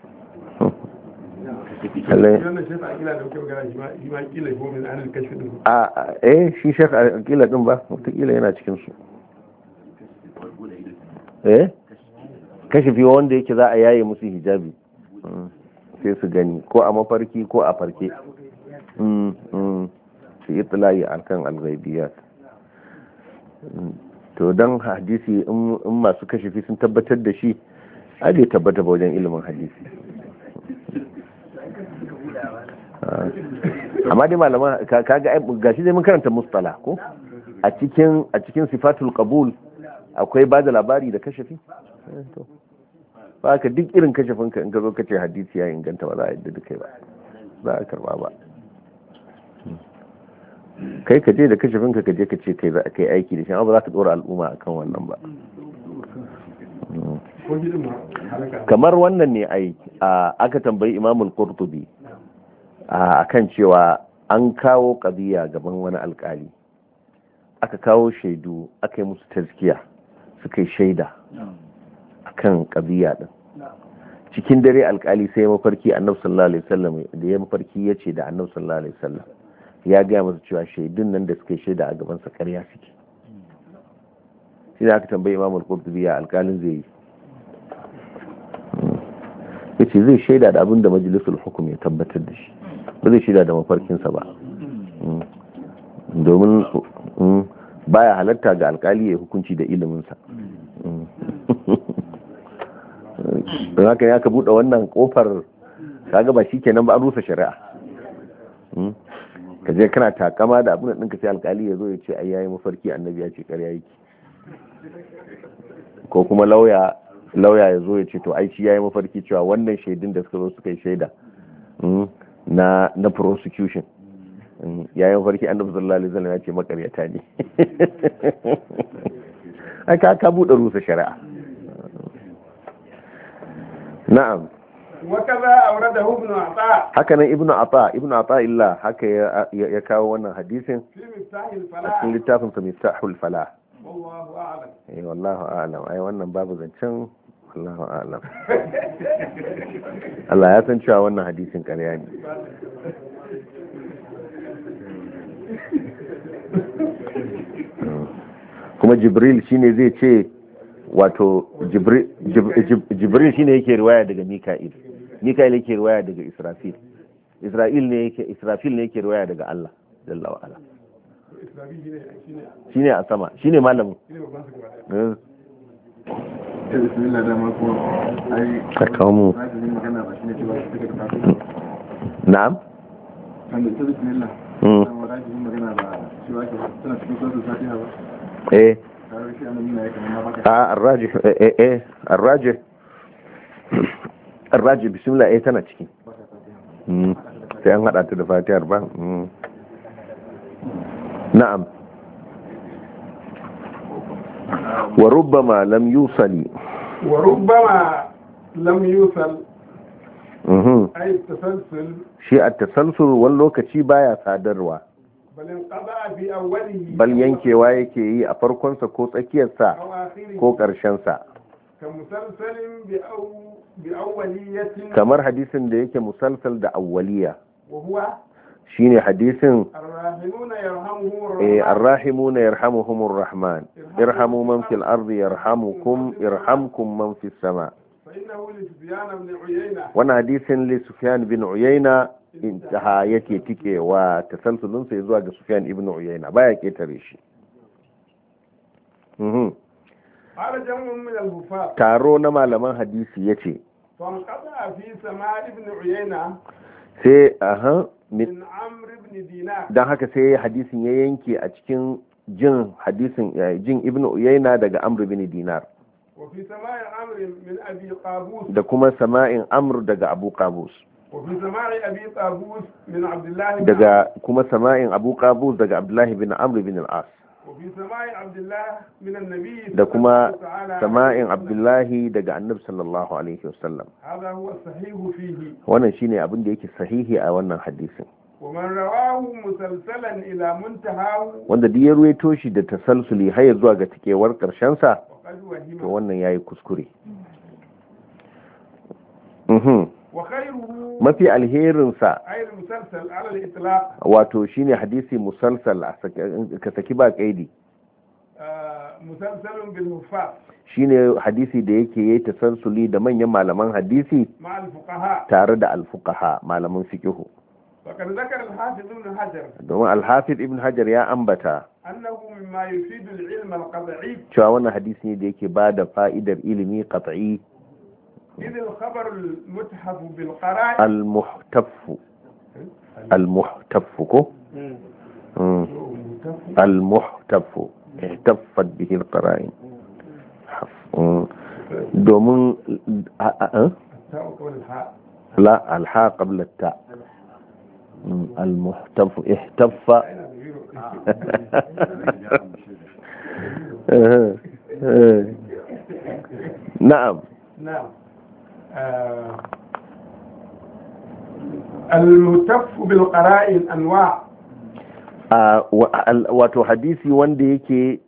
a eh shi shekh aƙila din ba wataƙila yana cikinsu eh kashifi wanda yake za a yaye musu hijabi mm. sai su gani ko a mafarki ko a farke mm, mm. su yi tsilayi a kan to don hadisi in masu kashifi sun tabbatar da shi a bai tabbata ba wajen ilimin hadisi ah. amma dai malaman kaga shi zai mun karanta mustala ko a cikin sifatul qabul akwai ba da labari da kashafi eh, ba ka duk irin ka in ka zo ka ce hadisi ya inganta ba za a yadda duka kai ba za a karba ba kai ka je da kashafin ka je ka ce kai za a kai aiki da shi amma ba za ka dora al'umma akan wannan ba kamar wannan ne ai aka tambayi imamul qurtubi A akan cewa an kawo ƙabiya gaban wani alkali aka kawo shaidu aka yi musu tazkiya suka yi shaida a kan ƙabiya ɗin cikin dare alkali sai ya mafarki annabi sallallahu alaihi wasallam da ya mafarki ya ce da annabi sallallahu alaihi wasallam ya gaya masa cewa shaidun nan da yi shaida a gaban sa ƙarya suke shi da aka tambayi imam al-qurtubi ya alkalin zai yi yace zai shaida da abin da majalisul hukum ya tabbatar da shi ba zai shaida da mafarkinsa ba mm. Mm. domin mm. baya halatta ga alkali ya hukunci da iliminsa don haka ya ka buɗe wannan kofar kaga ba shi kenan ba an rusa shari'a ka je kana takama da abin ɗinka sai alkali ya zo ya ce ai yayi mafarki annabi ya ce ƙarya yake ko kuma lauya lauya ya zo ya ce to ai shi yayi mafarki cewa wannan shaidun da suka zo suka yi shaida mm, na na prosecution yayin farki an dafa sallallahu alaihi wasallam ya ce makaryata ne ai ka ka bude rusa shari'a na'am ibn ata haka nan ibn ata ibn ata illa haka ya kawo wannan hadisin cikin littafin sa mistahul fala Allahu a'lam. Eh, wallahu a'lam. Ai wannan babu zancen Allahu a'lam. Allah ya san cewa wannan hadisin ƙarya ne. kuma jibril shine zai ce wato jibril shine yake riwaya daga mika'il mika'il yake riwaya daga israfil Israfil ne yake israfil ne yake riwaya daga allah jalla wa ala shine a sama shine malamin ka kawo mu na'am Eh. arraji shi magana tana a tana ciki hmm. sai an haɗa ta da fatiyar ba hmm. na'am wa rubbama lam yusali wa rubbama lam yusal mhm. shi a tasansu wani lokaci baya sadarwa bal yankewa yake yi a farkonsa ko tsakiyarsa ko ƙarshensa kamar hadisin da yake musalsal da awwaliya shine hadisin yarhamu yarhamuhumur rahman irhamu man fil ardi yarhamukum irhamkum man fis sama wannan hadisin li sufyan bin uyayna intaha yake wa tasalsulun sai zuwa ga Sufyan ibn Uyayna baya ketare shi mhm taro na malaman hadisi yace sai aha min dan haka sai hadisin ya yanke a cikin jin hadisin eh, jin ibn Uyayna daga Amr ibn Dinar da kuma sama'in Amr daga Abu Qabus daga kuma sama'in abu qabus daga abdullahi bin amr bin al-as da kuma sama'in abdullahi daga annabi sallallahu alaihi wasallam wannan shine abin da yake sahihi a wannan hadisin wanda duk ya ruwaito shi da tasalsuli har zuwa ga tikewar sa to wannan yayi kuskure mhm mafi alherinsa wato shine ne hadisi musalsal ka saki ba kaidi ah, shi ne hadisi da yake yi ta sansuli da manyan malaman hadisi tare da alfukaha malaman fikihu domin alhafid ibn hajar ya ambata cewa wannan hadisi ne da yake ba da fa'idar ilimi kat'i إذ الخبر المتحف بالقرائن المحتف إيه؟ المحتف كو إيه. المحتف احتفت به القرائن دومن أه؟ لا الحاء قبل التاء المحتف احتف إيه؟ أه، أه. نعم نعم al-mutaffu bil qara'in anwa wato hadisi wanda yake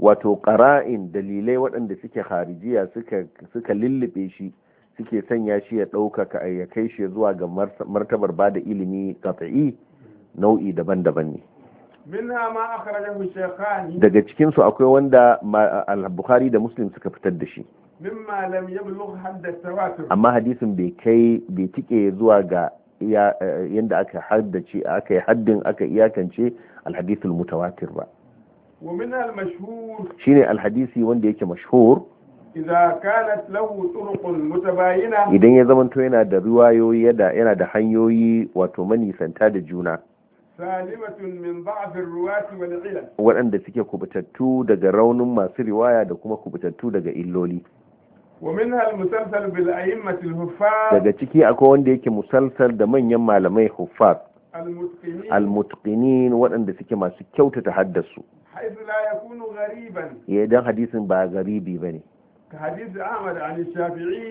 wato qara'in dalilai waɗanda suke harijiya suka suka lullube shi suke sanya shi ya ɗaukaka ya kai shi zuwa ga martabar bada ilimi qat'i nau'i daban-daban ne daga cikinsu akwai wanda al-bukhari da muslim suka fitar da shi mimma amma hadisin bai kai bai tike zuwa ga yanda aka haddace aka yi haddin aka iyakance al mutawatir ba wa min shine alhadisi wanda yake mashhur kanat idan ya zamanto yana da riwayoyi yana da hanyoyi wato manisanta da juna waɗanda suke kubutattu daga raunin masu riwaya da kuma kubutattu daga illoli daga ciki akwai wanda yake musalsal da manyan malamai huffaz almutqinin waɗanda suke masu kyautata haddasu ya eh, dan hadisin ba garibi ba ne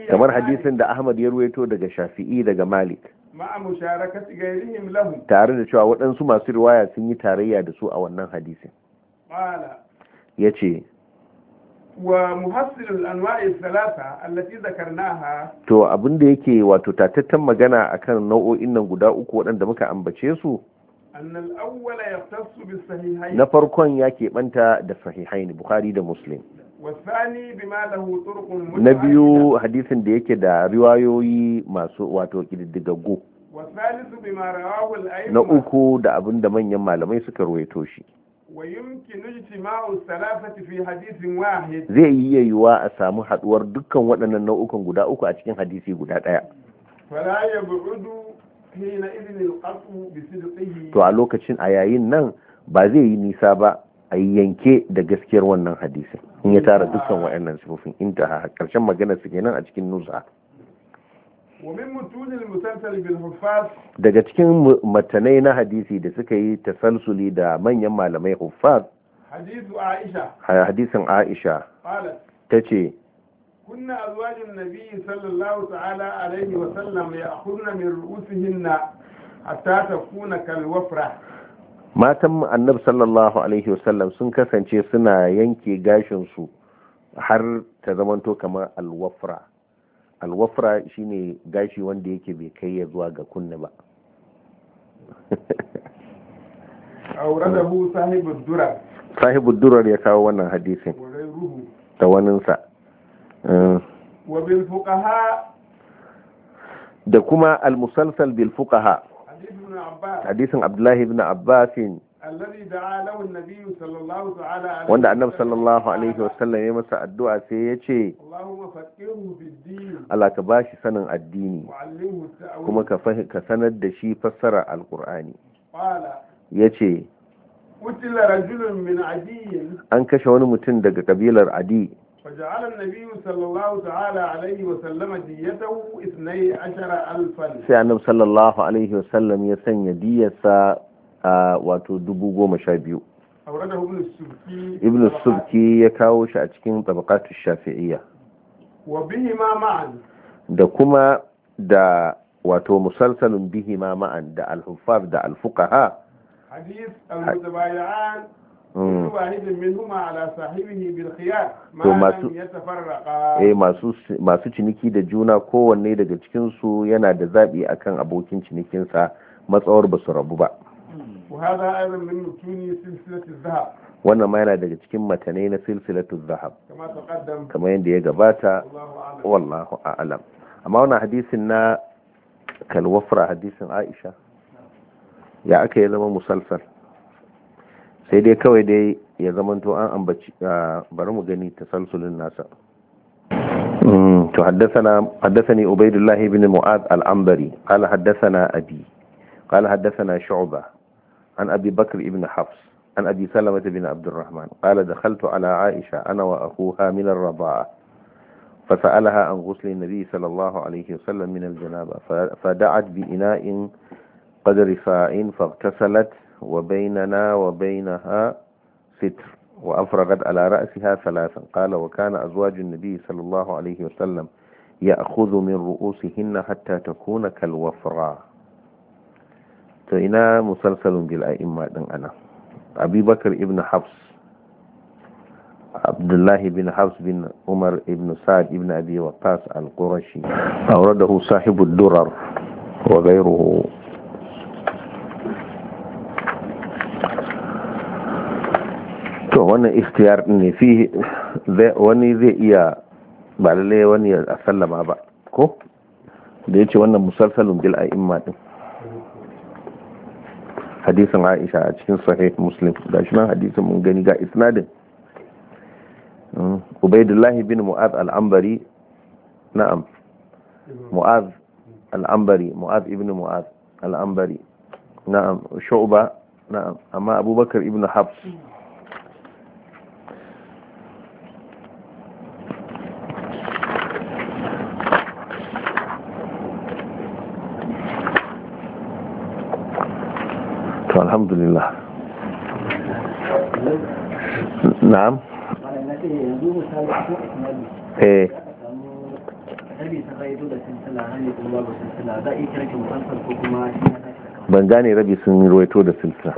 kamar hadisin da ahmad ya ruwaito daga shafi'i daga malik tare da cewa waɗansu masu riwaya sun yi tarayya da su a wannan hadisin ya ce ومحصل الانواع الثلاثه التي ذكرناها to abin da yake wato tatattan magana akan nau'o'in nan guda uku waɗanda muka ambace su na farkon ya keɓanta da sahihaini bukhari da muslim na biyu hadisin da yake da riwayoyi masu wato ƙididdigaggu na uku da abin da manyan malamai suka ruwaito shi zai iya yiwuwa a samu haduwar dukkan waɗannan nau'ukan guda uku a cikin hadisi guda ɗaya to a lokacin a yayin nan ba zai yi nisa ba a yanke da gaskiyar wannan hadisin in ya tara dukkan waɗannan inda intaha ƙarshen magana su kenan a cikin nusa daga cikin matanai na hadisi da suka yi tasalsuli da manyan malamai huffaz hadisin aisha ta ce kunna azwajin nabi sallallahu ta'ala alaihi wa sallam ya akhudna min ru'usihinna hatta takuna kal wafra matan annabi sallallahu alaihi wa sallam sun kasance suna yanke gashin su har ta zamanto kamar alwafra alwafra shine gashi wanda yake bai kai ya zuwa ga kunna ba auradahu sahibud durar durar ya kawo wannan hadisin ta waninsa eh. wa bil fuqaha da kuma al musalsal bil fuqaha hadisin abdullahi ibn abbasin wanda annabi sallallahu alaihi wasallam ya masa addu'a sai ya ce Allah ka bashi sanin addini kuma ka ka sanar da shi fassara alqur'ani ya ce an kashe wani mutum daga kabilar adi فجعل النبي صلى الله تعالى عليه وسلم ديته اثني عشر صلى الله عليه وسلم يسن wato dubu goma sha biyu ibn subki ya kawo shi a cikin tabakatu shafi'iyya da kuma da wato musalsalin bihi ma ma'an da alhufaf da alfuqaha hadith al-mutabayi'an mm. eh, masu ciniki da juna kowanne daga cikinsu yana da zaɓi akan abokin cinikinsa matsawar ba su rabu ba وهذا أيضا من متون سلسلة الذهب wannan ma yana daga cikin matanai na silsilatu zahab kamar yadda ya gabata wallahu a'lam amma wannan hadisin na kalwafra hadisin aisha ya aka ya zama musalsal sai dai kawai dai ya zama to an ambaci bari mu gani tasalsulin nasa to haddathana haddathani ubaidullah ibn mu'ad al-ambari qala haddathana abi qala haddathana shu'bah عن أبي بكر بن حفص عن أبي سلمة بن عبد الرحمن قال دخلت على عائشة أنا وأخوها من الرضاعة فسألها عن غسل النبي صلى الله عليه وسلم من الجنابة فدعت بإناء قد رفاع فاغتسلت وبيننا وبينها ستر وأفرغت على رأسها ثلاثا قال وكان أزواج النبي صلى الله عليه وسلم يأخذ من رؤوسهن حتى تكون كالوفرة to ina musalsalun bil a'imma din ana? abubakar ibn habs abdullahi bin habs bin umar ibn sa'ad ibn abi waqas al-qurashi awradahu sahibu durar wa ghayruhu to wannan ikhtiyar ne fi wani zai iya ba lalle wani ya sallama ba ko da yace wannan musalsalun bil a'imma din hadisin aisha a cikin sahih muslim da shi nan hadisin mun gani ga isnadin hmm. ubaidullahi bin mu'az al'ambari na'am mu'az al'ambari mu'az ibn mu'az al'ambari na'am shu'ba na'am amma abubakar ibn habs alhamdulillah na'am eh ban gane rabi sun ruwaito da silsila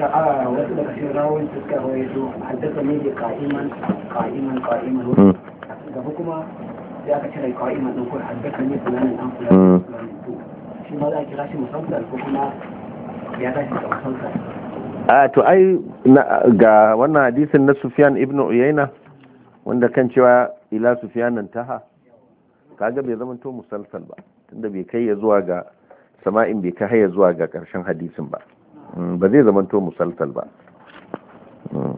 ka a wasu daga cikin rawun suka rawaito haddasa ne da ka'iman ka'iman ka'iman gaba kuma sai aka cire ka'iman ɗin haddasa ne hmm. da fulanin an fulanin shi a to ai ga wannan hadisin na Sufyan ibn Uyayna wanda kan cewa ila Sufyanan taha kaga bai zama to musalsal ba tunda bai kai ya zuwa ga sama'in bai kai ya zuwa ga karshen hadisin ba mm, ba zai zama to musalsal ba mm,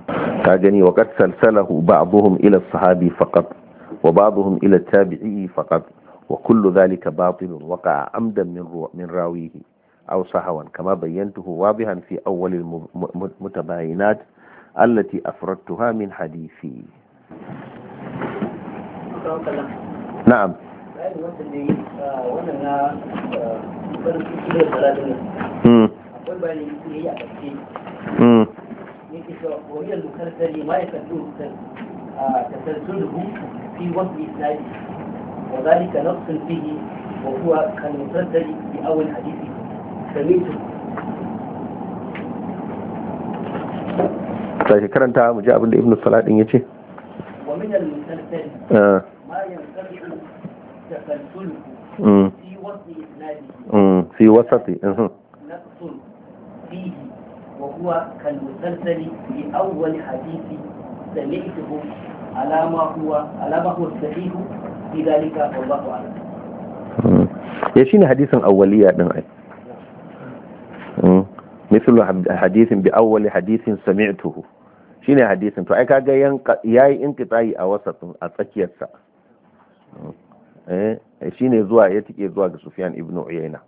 ka gani wa qad salsalahu ba'dhum ila sahabi faqat wa ba'dhum ila tabi'i faqat وكل ذلك باطل وقع عمدا من, من راويه أو صحوا كما بينته واضحا في أول المتباينات التي أفردتها من حديثي نعم وهي المخلفة لما يكتبه تسلسله في وذلك نص فيه وهو كالمسلسل في أول حديثه سميته tashi karanta mu ji abin da ibnu salah din yace wa min al-musalsal ma fi fi wa huwa kal musalsal fi awwal hadithi sami'tuhu ala ma huwa ala ma huwa fi hadisin wallahu a'lam hmm. ya shine hadisin awwaliya din ai مثل hmm. shine hadisin to سمعته شنو حديث تو اي كاغا ياي انقطاعي ا وسط ا تسكيرسا eh shine zuwa ya tike zuwa ga Sufyan ibn Uyayna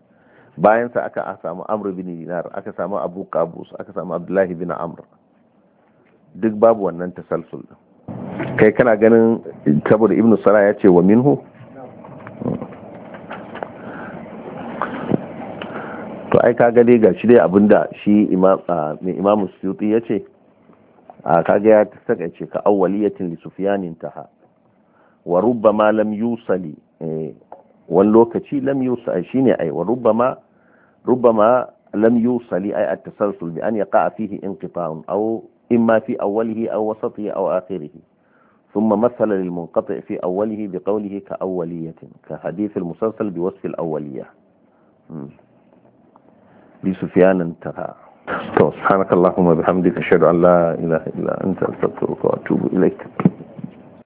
bayan sa aka samu Amru bin Dinar aka samu Abu Qabus aka samu Abdullahi bin Amr duk babu wannan tasalsul din kai kana ganin saboda Ibn sala ya ce wa minhu to ai ka gane ga shi dai abinda shi imam suyuti ya ce a kaga ya saka ce ka awwaliyatin li sufyanin taha wa rubbama lam yusali eh, wani lokaci lam yusali ne ai wa rubbama rubbama lam yusali ai a tasalsul bi an ya a fihi au in ma fi awwalihi aw wasatihi aw akhirihi ثم مثل للمنقطع في أوله بقوله كأولية كحديث المسلسل بوصف الأولية لسفيان انتهى طيب، سبحانك اللهم وبحمدك أشهد أن لا إله إلا أنت أستغفرك وأتوب إليك